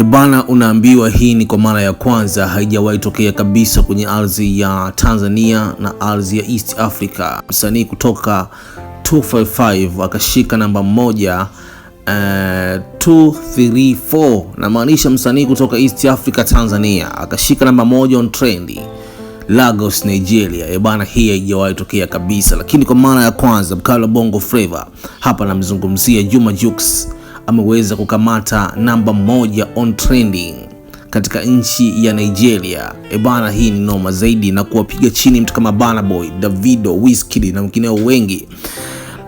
E bana, unaambiwa hii ni kwa mara ya kwanza, haijawahi tokea kabisa kwenye ardhi ya Tanzania na ardhi ya East Africa. Msanii kutoka 255 akashika namba moja. Uh, eh, 234 namaanisha msanii kutoka East Africa Tanzania akashika namba moja on trendi Lagos, Nigeria. E bana, hii haijawahi tokea kabisa, lakini kwa mara ya kwanza mkali wa Bongo Flava hapa, namzungumzia Juma Jux ameweza kukamata namba moja on trending katika nchi ya Nigeria. Ebana, hii ni noma zaidi na kuwapiga chini mtu kama Burna Boy, Davido, Wizkid na wengineo wengi.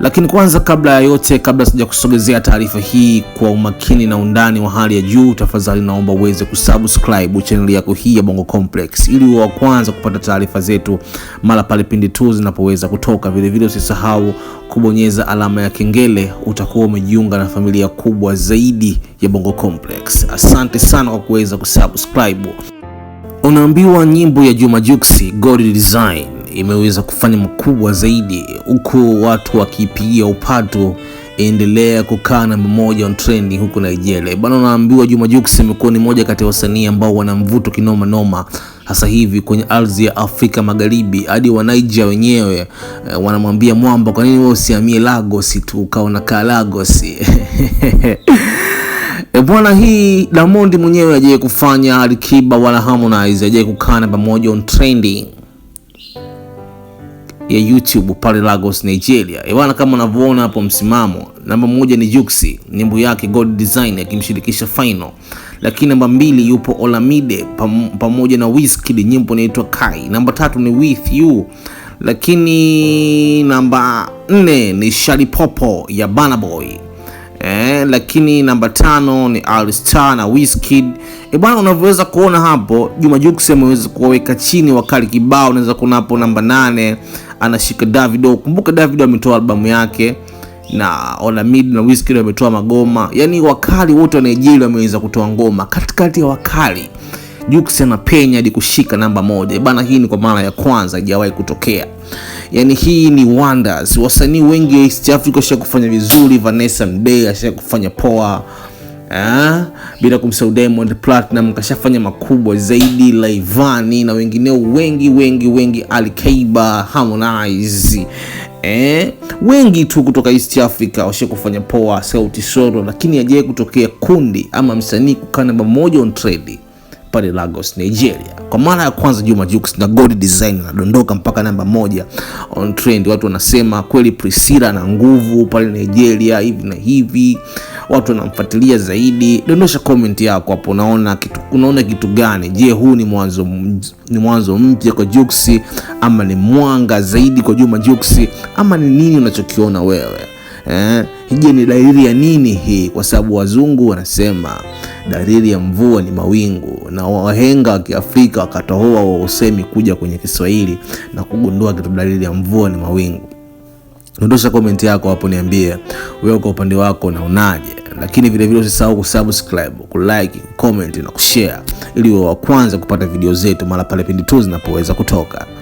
Lakini kwanza, kabla ya yote, kabla sija kusogezea taarifa hii kwa umakini na undani wa hali ya juu, tafadhali naomba uweze kusubscribe channel yako hii ya Bongo Complex ili wa kwanza kupata taarifa zetu mara pale pindi tu zinapoweza kutoka. Vilevile usisahau kubonyeza alama ya kengele, utakuwa umejiunga na familia kubwa zaidi ya Bongo Complex. Asante sana kwa kuweza kusubscribe. Unaambiwa nyimbo ya Juma Jux God Design imeweza kufanya makubwa zaidi, huku watu wakipigia upato endelea kukaa namba moja on trending huko Nigeria bwana. Unaambiwa Juma Jux imekuwa ni moja kati ya wasanii ambao wana mvuto kinoma noma sasa hivi kwenye ardhi ya Afrika Magharibi, hadi wa Niger wenyewe eh, wanamwambia mwamba, kwa nini wewe usihamie Lagos tu ukawa unakaa Lagos? E bwana, hii Diamond mwenyewe ajaye kufanya, Alikiba wala Harmonize ajaye kukaa namba moja on trending ya YouTube pale Lagos, Nigeria. Ewana, kama unavyoona hapo msimamo, namba moja ni Juksi, nyimbo yake God Design akimshirikisha Final, lakini namba mbili yupo Olamide pam, pamoja na Wizkid, nyimbo inaitwa Kai. Namba tatu ni With You, lakini namba nne ni Shalipopo ya Burna Boy. Eh, lakini namba tano ni Alistar na Wizkid. E bwana, unavyoweza kuona hapo Juma Jux ameweza kuwaweka chini wakali kibao, unaweza kuona hapo namba nane anashika Davido. Kumbuka Davido ametoa albamu yake na Olamid na Wizkid wametoa magoma, yani wakali wote wa Nigeria wameweza kutoa ngoma. Katikati ya wakali Jux anapenya hadi kushika namba moja bana. Hii ni kwa mara ya kwanza, haijawahi kutokea. Yani hii ni wonders. Wasanii wengi East Africa washa kufanya vizuri, Vanessa Mdee asha kufanya poa Ah, bila kumsahau Diamond Platinum kashafanya makubwa zaidi, Laivani na wengineo wengi wengi wengi, Alikiba, Harmonize Eh, wengi tu kutoka East Africa washe kufanya poa sauti solo, lakini hajawahi kutokea kundi ama msanii kukaa namba moja on trade pale Lagos, Nigeria. Kwa mara ya kwanza Juma Jux na God Design anadondoka mpaka namba moja on trend. Watu wanasema kweli Priscilla na nguvu pale Nigeria hivi na hivi watu wanamfuatilia zaidi. Dondosha comment yako hapo, unaona kitu, unaona kitu gani? Je, huu ni mwanzo ni mwanzo mpya kwa Jux ama ni mwanga zaidi kwa Juma Jux ama ni nini unachokiona wewe? Eh, je, ni dalili ya nini hii? Kwa sababu wazungu wanasema dalili ya mvua ni mawingu, na wahenga wa Kiafrika wakatohoa wa usemi kuja kwenye Kiswahili na kugundua kitu, dalili ya mvua ni mawingu. Ndosha komenti yako hapo, niambie wewe kwa upande wako unaonaje, lakini vilevile usisahau kusubscribe, kulike, comment na kushare ili uwe wa kwanza kupata video zetu mara pale pindi tu zinapoweza kutoka.